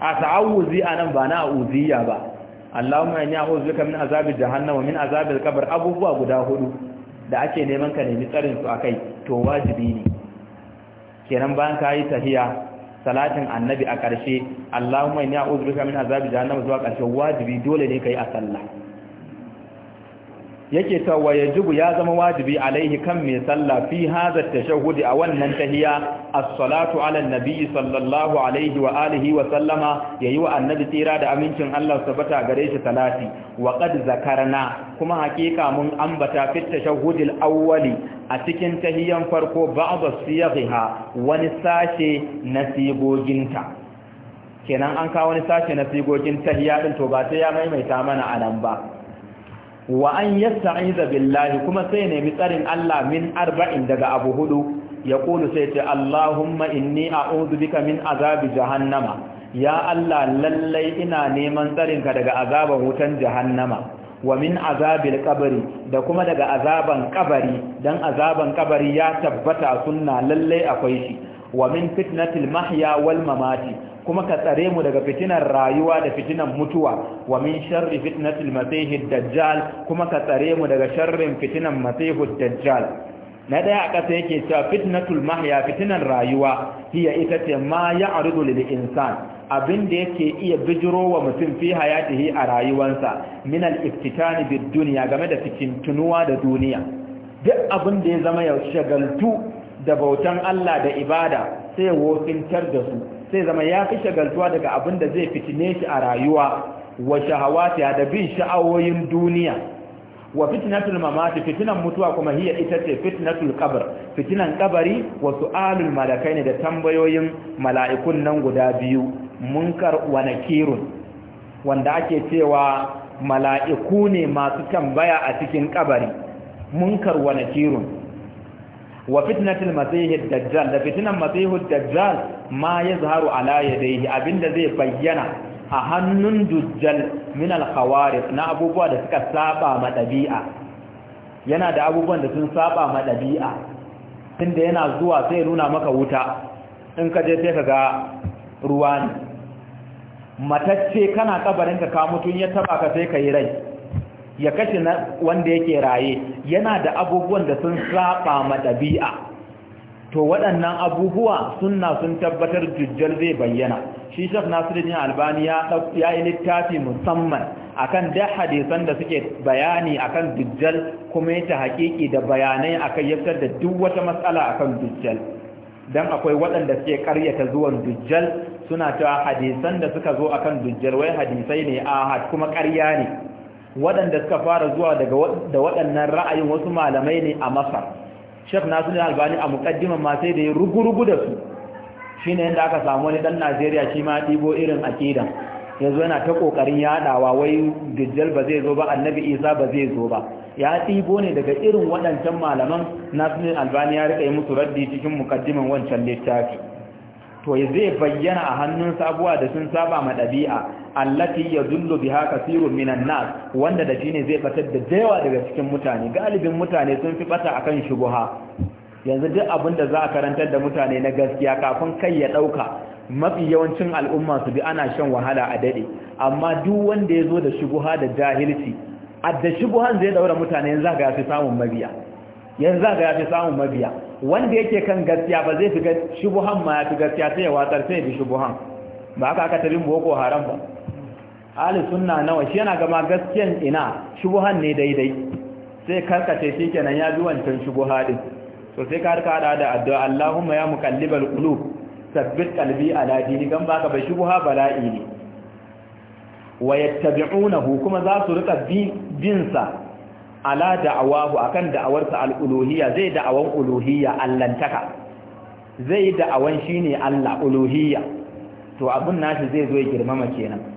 S1: a ta'awuzi anan ba na a'udhiya ba Allahumma inni a'udhu bika min azabi jahannama min azabi al-qabr abubuwa guda hudu da ake neman ka nemi tsarin su kai to wajibi ne kenan bayan ka yi tahiya salatin annabi a ƙarshe Allahumma inni a'udhu bika min azabi jahannama zuwa ƙarshe wajibi dole ne kai a sallah yake ta wa ya zama wajibi alaihi kan mai sallah fi hadha tashahhudi a wannan tahiya a salatu ala nabi sallallahu alaihi wa alihi wa sallama yayi wa annabi tsira da amincin Allah subhata gare shi salati wa qad zakarna kuma hakika mun ambata fitta tashahhudi awwali a cikin tahiyan farko ba'da siyaghiha wani sashe sigoginta kenan an kawo wani sashe sigogin tahiya ɗin to ba sai ya maimaita mana anan ba wa an yasta'iza billahi kuma sai nemi tsarin Allah min arba'in daga abu hudu ya kulu sai ce Allahumma inni a bika min azabi jahannama ya Allah lallai ina neman tsarinka daga azaban wutan jahannama wa min azabil ƙabari, da kuma daga azaban kabari dan azaban kabari ya tabbata sunna lallai akwai shi wa min fitnatil mahya wal mamati kuma ka tsare mu daga fitinar rayuwa da fitinar mutuwa wa min sharri fitnatil masihid dajjal kuma ka tsare mu daga sharrin fitinar masihud dajjal na daya a ƙasa yake cewa fitnatul mahya fitinan rayuwa hiya ita ce ma ya aridu lil insan abin da yake iya bijiro wa mutum fi hayatihi a rayuwansa min al iftitani bid dunya game da tunuwa da duniya duk abin da ya zama ya shagaltu da bautan Allah da ibada sai wofintar da su sai zama ya fi shagaltuwa daga abin da zai fitine shi a rayuwa wa shahawati da bin sha'awoyin duniya wa fitnatul mamati fitinan mutuwa kuma hiya ita ce fitnatul qabr fitinan kabari wa su'alul malakaini da tambayoyin mala'ikun nan guda biyu munkar wa nakirun wanda ake cewa mala'iku ne masu tambaya a cikin kabari munkar wa nakirun wa fitnatil masihid dajjal da fitnan masihid dajjal ma ya yazharu ala yadayhi abinda zai bayyana a hannun dajjal min al khawarif na abubuwa da suka saba ma dabi'a yana da abubuwan da sun saba ma dabi'a tunda yana zuwa sai nuna maka wuta in ka je sai ka ga ruwa ne matacce kana kabarin ka mutun ya taba ka sai ka rai ya kashe na wanda yake raye yana da abubuwan da sun saba ma dabi'a to waɗannan abubuwa sunna sun tabbatar jujjal zai bayyana shi shaf nasiruddin albani ya yi littafi musamman akan da hadisan da suke bayani akan dujjal kuma ya ta hakiki da bayanai akan yaftar da duk wata matsala akan dujjal dan akwai waɗanda suke karyata zuwan dujjal suna ta hadisan da suka zo akan dujjal wai hadisai ne ahad kuma ƙarya ne waɗanda suka fara zuwa da waɗannan ra'ayin wasu malamai ne a masar shek nasiru albani a mukaddiman ma sai da ya rugurugu da su shine yadda aka samu wani ɗan najeriya shi ma ɗibo irin akidan yanzu yana ta ƙoƙarin yaɗawa wai gijjal ba zai zo ba annabi isa ba zai zo ba ya ɗigo ne daga irin waɗancan malaman nasiru albani ya rika yi musu raddi cikin mukaddiman wancan littafi to zai bayyana a hannun sabuwa da sun saba ma ɗabi'a allati yadullu biha kathirun minan nas wanda da shine zai batar da dayawa daga cikin mutane galibin mutane sun fi bata akan shubuha yanzu duk abin da za a karantar da mutane na gaskiya kafin kai ya dauka mafi yawancin al'umma su bi ana shan wahala a dade amma duk wanda ya zo da shubuha da jahilci adda shubuhan zai daura mutane yanzu ga yafi samun mabiya yanzu ga yafi samun mabiya wanda yake kan gaskiya ba zai fi shubuhan ma yafi gaskiya sai ya watsar sai ya bi shubuhan ba haka aka tabin boko haram ba ahli sunna nawa shi yana gama gaskiyan ina shubuhan ne daidai sai karkace shi kenan ya bi wancan shubuha din to sai ka harka hada da addu'a Allahumma ya muqallibal qulub sabbit qalbi ala dini gan baka bai shubuha bala'i ne wa yattabi'unahu kuma za su rika bin sa ala da'awahu akan da'awarsa al-uluhiyya zai da'awan uluhiyya allantaka zai da'awan shine Allah uluhiyya to abun nashi zai zo ya girmama kenan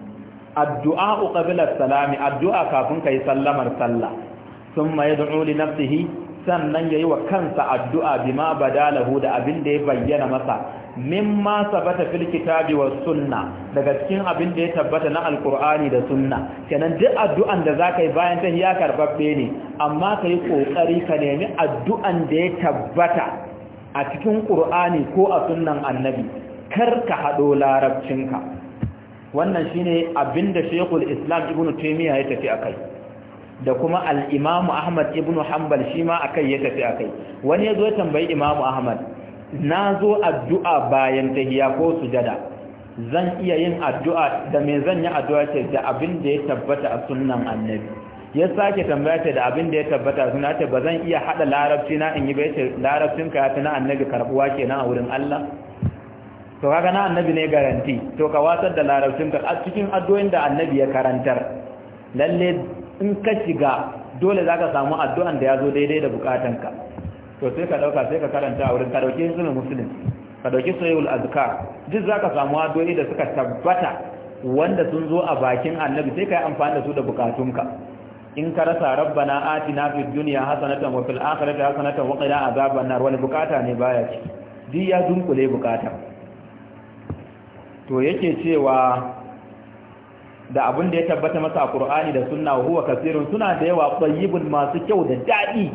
S1: addu'a qabla salami addu'a kafin yi sallamar sallah thumma yad'u li nafsihi sannan yayi wa kansa addu'a bima badalahu da abin da ya bayyana masa mimma sabata fil kitabi was sunna daga cikin abin da ya tabbata na Alkur'ani da sunna kenan duk addu'an da zaka yi bayan ta ya karbabbe ne amma kayi kokari ka nemi addu'an da ya tabbata a cikin qur'ani ko a sunnan annabi kar ka hado larabcinka wannan shine abinda Sheikhul Islam Ibn Taymiyyah ya tafi akai da kuma al-Imam Ahmad Ibn Hanbal shi ma akai ya tafi akai wani yazo ya tambayi Imam Ahmad nazo addu'a bayan tahiyya ko sujada zan iya yin addu'a da me zan yi addu'a ce da abinda ya tabbata a sunnan annabi ya sake tambaya ce da abinda ya tabbata suna ta ce ba zan iya hada larabci na in yi bai ce larabcin ka ya na annabi karbuwa kenan a wurin Allah to kaga na annabi ne garanti to ka watsar da larabcin ka a cikin addu'o'in da annabi ya karantar lalle in ka shiga dole zaka samu addu'an da ya zo daidai da bukatanka to sai ka dauka sai ka karanta a wurin ka sunan muslim ka dauki sayyul azkar duk zaka samu addu'o'i da suka tabbata wanda sun zo a bakin annabi sai kai amfani da su da bukatunka in ka rasa rabbana atina fid dunya hasanatan wa fil akhirati hasanatan wa qina azaban nar wani bukata ne baya ci duk ya dunkule bukata to yake cewa da abin da ya tabbata masa a da Sunna huwa kasirun suna da yawa tayyibun masu kyau da daɗi,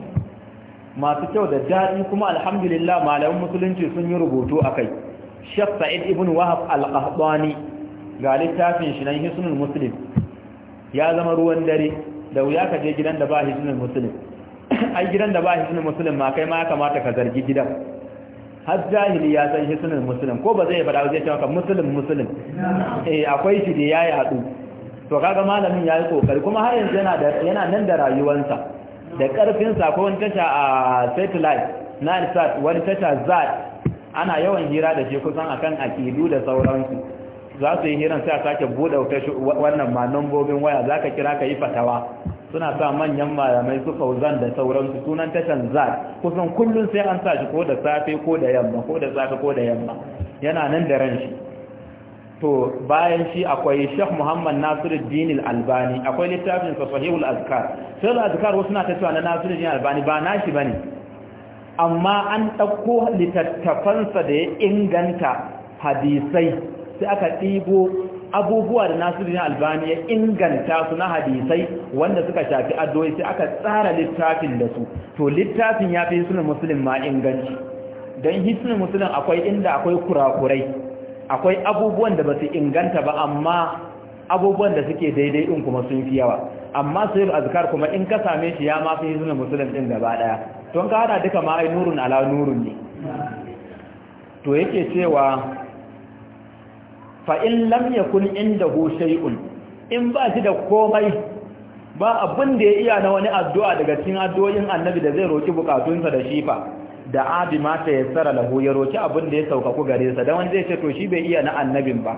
S1: masu kyau da dadi kuma alhamdulillah malaman musulunci sun yi rubutu a kai. Sheikh Sa'id ibn Wahab al-Qahtani ga littafin shi nan Hisnul Muslim ya zama ruwan dare da wuya ka je gidan da ba Hisnul Muslim ai gidan da ba Hisnul Muslim ma kai ma ya kamata ka zargi gidan har jahili ya san shi sunan musulun ko ba zai faɗa zai ce maka musulun musulun eh akwai shi da yayi hadu to kaga malamin yayi kokari kuma har yanzu yana da yana nan da rayuwarsa da karfin sa ko wani tasha a satellite na sat wani tasha zat ana yawan hira da shi kusan akan aƙidu da sauransu za su yi hiran sai a sake buɗe wannan ma nambobin waya za ka kira ka yi fatawa suna sa manyan malamai su fauzan da sauransu sunan tashan za kusan kullum sai an sa shi ko da safe ko da yamma ko da safe ko da yamma yana nan da ran shi to bayan shi akwai Sheikh Muhammad Nasiruddin Al-Albani akwai littafin sa Sahihul Azkar sai Azkar wasu na ta cewa na Nasiruddin Al-Albani ba nashi bane amma an dauko littattafansa da ya inganta hadisai sai aka ɗibo abubuwa da nasirin albani ya inganta su na hadisai wanda suka shafi addu'o'i sai aka tsara littafin da su to littafin ya fi hisunan musulun ma inganci don hisunan musulun akwai inda akwai kurakurai akwai abubuwan da ba su inganta ba amma abubuwan da suke daidai in kuma sun fi yawa amma sai azkar kuma in ka same shi ya mafi fi hisunan musulun din gaba daya to ka hada duka ma ai nurun ala nurun ne to yake cewa fa in lam yakun indahu shay'un in ba shi da komai ba abin da ya iya na wani addu'a daga cikin addu'o'in annabi da zai roki bukatunsa da shi fa da abi mata ya tsara lahu ya roki abin da ya saukaku gare sa dan wani zai ce to shi bai iya na annabin ba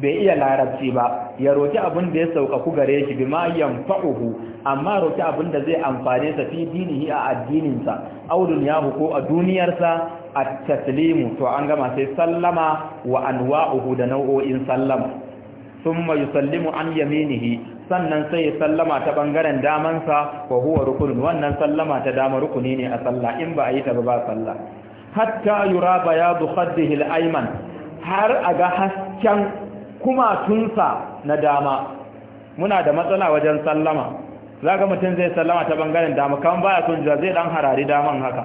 S1: bai iya larabci ba ya roki abin da ya saukaku gare shi bima yanfa'uhu amma roki abin da zai amfane sa fi dinihi a addininsa sa aw ko a duniyarsa. a taslimu to an gama sai sallama wa anwa'uhu da nau'o'in sallama thumma yusallimu an yaminihi sannan sai ya sallama ta bangaren damansa ko huwa rukunin wannan sallama ta dama rukuni ne a sallah in ba a yi ta ba sallah hatta yura bayadu khaddihi al-ayman har aga hasken kumatunsa na dama muna da matsala wajen sallama zaga mutum zai sallama ta bangaren dama kan baya kun jira zai dan harari daman haka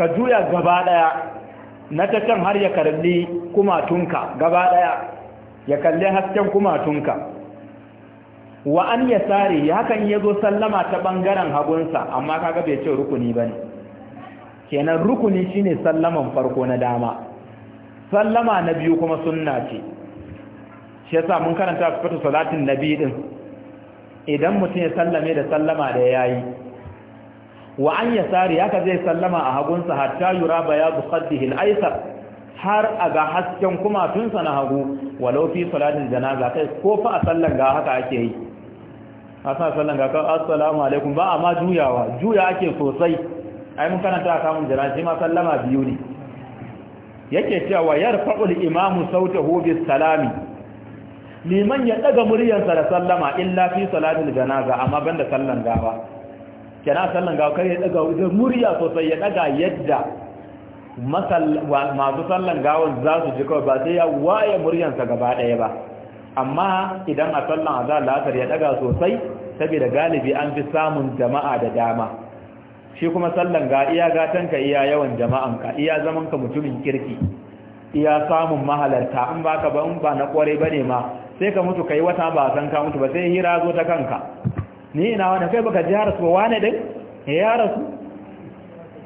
S1: ka juya gaba daya na ta can har ya karbi kumatunka gaba daya ya kalli hasken kumatunka wa an ya sare ya hakan ya zo sallama ta ɓangaren hagunsa amma kaga bai ce rukuni ba ne kenan rukuni shine sallaman farko na dama sallama na biyu kuma sunna ce shi yasa mun karanta fito salatin na biyu din idan mutum ya sallame da sallama da yi. wa an yasari haka zai sallama a hagunsa hatta yura bayadu khaddihi al-aysar har a ga hasken kuma kumatunsa na hagu walau fi salatin janaza kai ko fa a sallan ga haka ake yi a sa sallan ga kan assalamu alaikum ba a ma juyawa juya ake sosai ai mun a kamun janaza shi ma sallama biyu ne yake cewa yarfa'u al-imamu sautahu bis salami liman ya ɗaga muryarsa da sallama illa fi salatin janaza amma banda sallan gawa kenan sallan gawa kai ya daga murya sosai ya daga yadda masu sallan gawan za su ji kawai ba sai ya waye muryansa gaba ɗaya ba amma idan a sallan a za ya daga sosai saboda galibi an fi samun jama'a da dama shi kuma sallan ga iya ka iya yawan jama'an ka iya zaman ka mutumin kirki iya samun mahalarta in baka ba ba na kware bane ma sai ka mutu kai wata ba san ka mutu ba sai hira zo ta kanka ni ina wani kai baka ji harasu ba wane din eh, ya rasu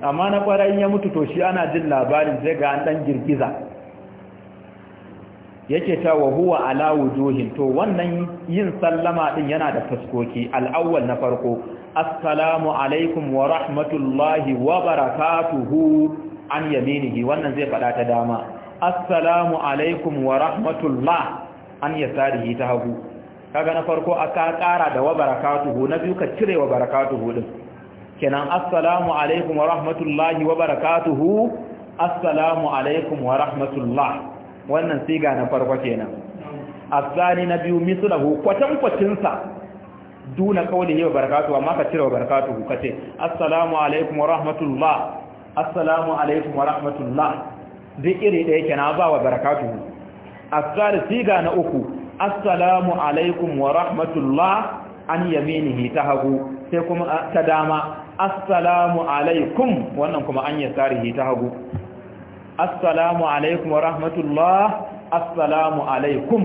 S1: amma na kwarai ya mutu to shi ana jin labarin sai ga an dan girgiza yake ta wa huwa ala wujuhin to wannan yin sallama din yana da faskoki, al-awwal na farko assalamu alaikum wa rahmatullahi wa barakatuhu an yaminihi wannan zai fada ta dama assalamu alaikum wa rahmatullah an yasarihi ta hagu kaga na farko aka ƙara da wa barakatuhu na biyu ka cire wa barakatuhu din kenan assalamu alaikum wa rahmatullahi wa barakatuhu assalamu alaikum wa rahmatullah wannan siga na farko kenan asani na biyu mislahu kwatan kwatinsa duna yi wa barakatuhu amma ka cire wa barakatuhu kace assalamu alaikum wa rahmatullah assalamu alaikum wa rahmatullah duk iri ɗaya kenan ba wa barakatuhu asali siga na uku assalamu alaikum wa rahmatullah an yaminihi ta hagu sai kuma ah, ta dama assalamu alaikum wannan kuma an yasarihi ta hagu assalamu alaikum wa rahmatullah assalamu alaikum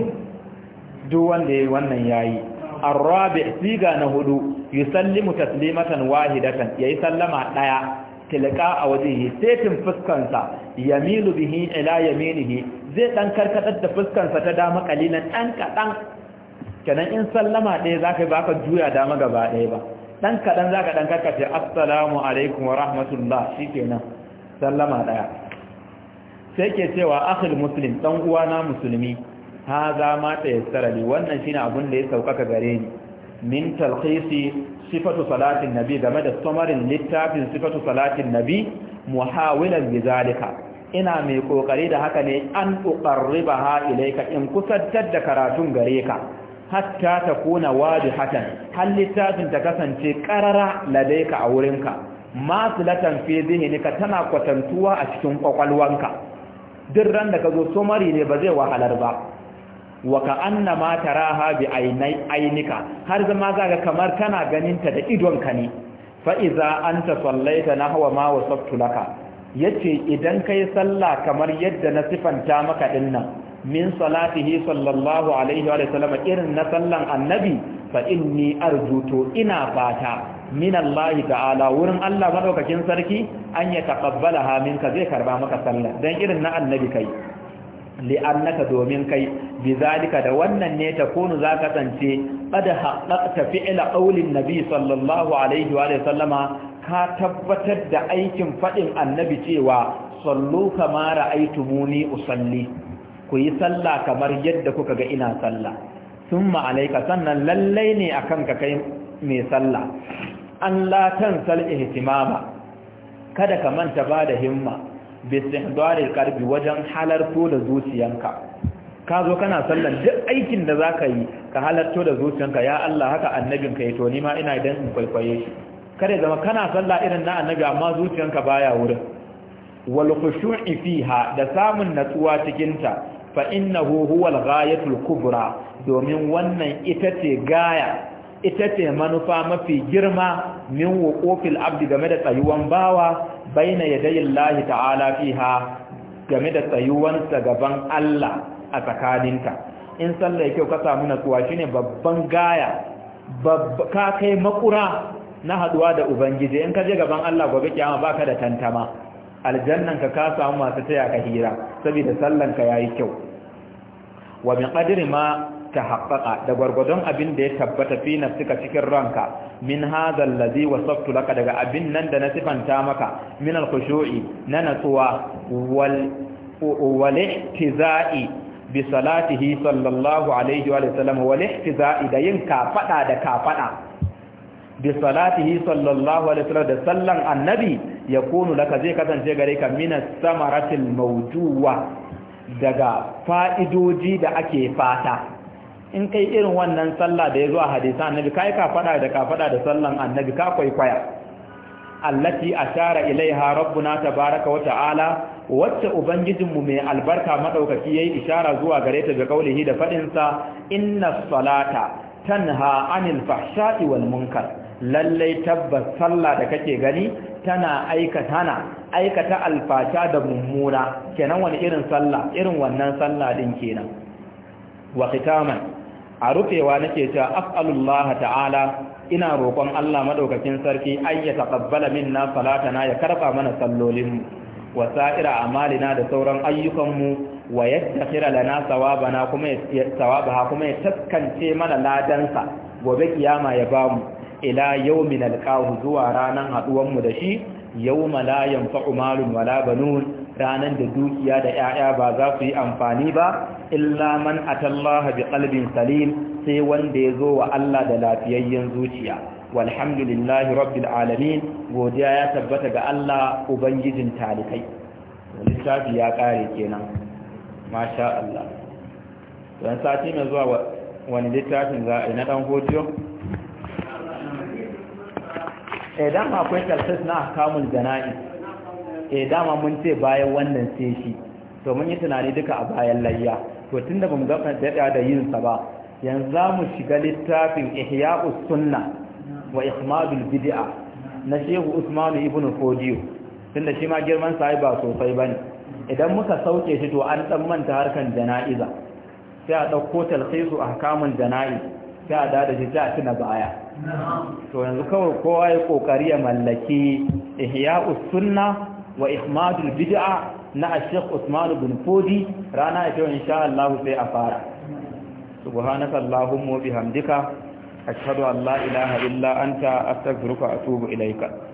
S1: duk wanda yayi wannan yayi arabi siga na hudu yusallimu taslimatan wahidatan yayi sallama daya tilqa a wajehi setin fuskansa yamilu bihi ila yaminihi zai dan karkatar da fuskansa ta dama kalilan dan kadan kenan in sallama ɗaya zaka ba ka juya dama gaba ɗaya ba dan kadan zaka dan karkace assalamu alaikum wa rahmatullah shikenan sallama ɗaya sai ke cewa akhil muslim dan na musulmi haza ma ta yassara li wannan shine abun da ya saukaka gare ni min talqisi sifatu salatin nabi game da samarin littafin sifatu salatin nabi muhawilan bizalika ina mai kokari da haka ne an uqarriba ha ilaika in kusantar da karatun gare ka hatta ta kuna hatan, har littafin ta kasance qarara ladaika a wurinka maslatan fi ka tana kwatantuwa a cikin kwakwalwanka duk ran da ka zo somari ne ba zai wahalar ba wa ka annama taraha bi ainika har zama zaga kamar kana ganinta da idonka ne fa iza anta sallaita nahwa ma wasaftu laka yace idan kai sallah kamar yadda na sifanta maka dinnan min salatihi sallallahu alaihi wa sallam irin na sallan annabi fa inni arjuto ina fata min Allah ta'ala wurin Allah madaukakin sarki an ya taqabbalaha minka zai karba maka sallah dan irin na annabi kai li'annaka domin kai bizalika da wannan ne ta kunu za ka tsance kada haƙaƙta fi'ila ƙaulin nabi sallallahu alaihi wa sallama ka tabbatar da aikin faɗin annabi cewa sallu kama ra'aitumuni usalli ku yi sallah kamar yadda kuka ga ina sallah thumma alayka sannan lallai ne akan ka kai mai sallah an latan tansal ihtimama kada ka manta ba da himma bisihdari kalbi wajen halarto da zuciyanka ka zo kana sallan duk aikin da zaka yi ka halarto da zuciyanka ya Allah haka annabin ka to ni ma ina idan in kwaikwaye shi kada zama kana sallah irin na annabi amma zuciyanka baya wurin wal khushu'i fiha da samun natsuwa cikin ta fa innahu huwal ghayatul kubra domin wannan ita ce gaya ita ce manufa mafi girma min wuqufil abdi game da tsayuwan bawa baina yadayin lahi ta'ala fiha game da tsayuwansa gaban Allah a tsakaninta in sallah kyau ka samu natsuwa shine babban gaya ka kai makura na haduwa da ubangiji in ka je gaban Allah gobe kiyama baka da tantama aljannan ka samu masu taya ka hira saboda sallanka ka yayi kyau wa bi qadri ma ta haƙaƙa da gwargwadon abin da ya tabbata fi na nafsika cikin ranka min hadha allazi wasaftu laka daga abin nan da na sifanta maka min al-khushu'i na natsuwa wal wal bi salatihi sallallahu alaihi wa sallam wal ihtiza'i da yin kafaɗa da kafada bi salatihi sallallahu alaihi wa sallam da sallan annabi ya yakunu laka zai kasance gare ka min as-samaratil mawjuwa daga fa'idoji da ake fata in kai irin wannan sallah da ya zo a hadisa annabi kai ka fada da ka fada da sallan annabi ka kwaikwaya allati ashara ilaiha rabbuna tabaraka wa ta'ala wacce ubangijinmu mai albarka madaukaki yayi ishara zuwa gare ta da kaulihi da fadin sa inna salata tanha anil fahsha'i wal munkar lallai tabbas sallah da kake gani tana aikata aika aikata alfata da mummuna kenan wani irin sallah irin wannan sallah din kenan wa khitaman a rufewa nake cewa as'alullah ta'ala ina roƙon Allah madaukakin sarki ay ya taqabbala minna salatana ya karba mana sallolin mu wa sa'ira amalina da sauran ayyukan mu wa yastaghfira lana sawabana kuma ya sawabaha kuma ya taskance mana ladansa gobe kiyama ya bamu ila yawmin alqahu zuwa ranan haduwan mu da shi yawma la yanfa'u malun wala banun ranan da dukiya da 'ya'ya ba za su yi amfani ba illa man atallaha bi qalbin salim sai wanda yazo wa Allah da lafiyayyen zuciya walhamdulillahi rabbil alamin godiya ya tabbata ga Allah ubangijin talikai littafi ya kare kenan masha Allah dan sati mai zuwa wani littafin za a yi na dan hojiyo idan eh, akwai kalsis na kamun jana'i eh dama mun ce bayan wannan sai shi to mun yi tunani duka a bayan layya to tunda bamu ga daɗa da yin sa ba yanzu za mu shiga littafin ihya'us sunna wa ihmadul bid'a na shehu Usmanu ibn fodiyo tunda shi ma girman sa ba sosai ne. idan muka sauke shi to an ɗan manta harkan jana'iza sai a dauko a ahkamul jana'iz sai a dada shi sai a tuna baya to yanzu kawai kowa ya kokari ya mallaki ihya'u sunna wa ihmadul bid'a na ashek usman bin fodi rana ita insha Allah sai a fara subhanaka allahumma bihamdika ashhadu an la ilaha illa anta astaghfiruka wa atubu ilaika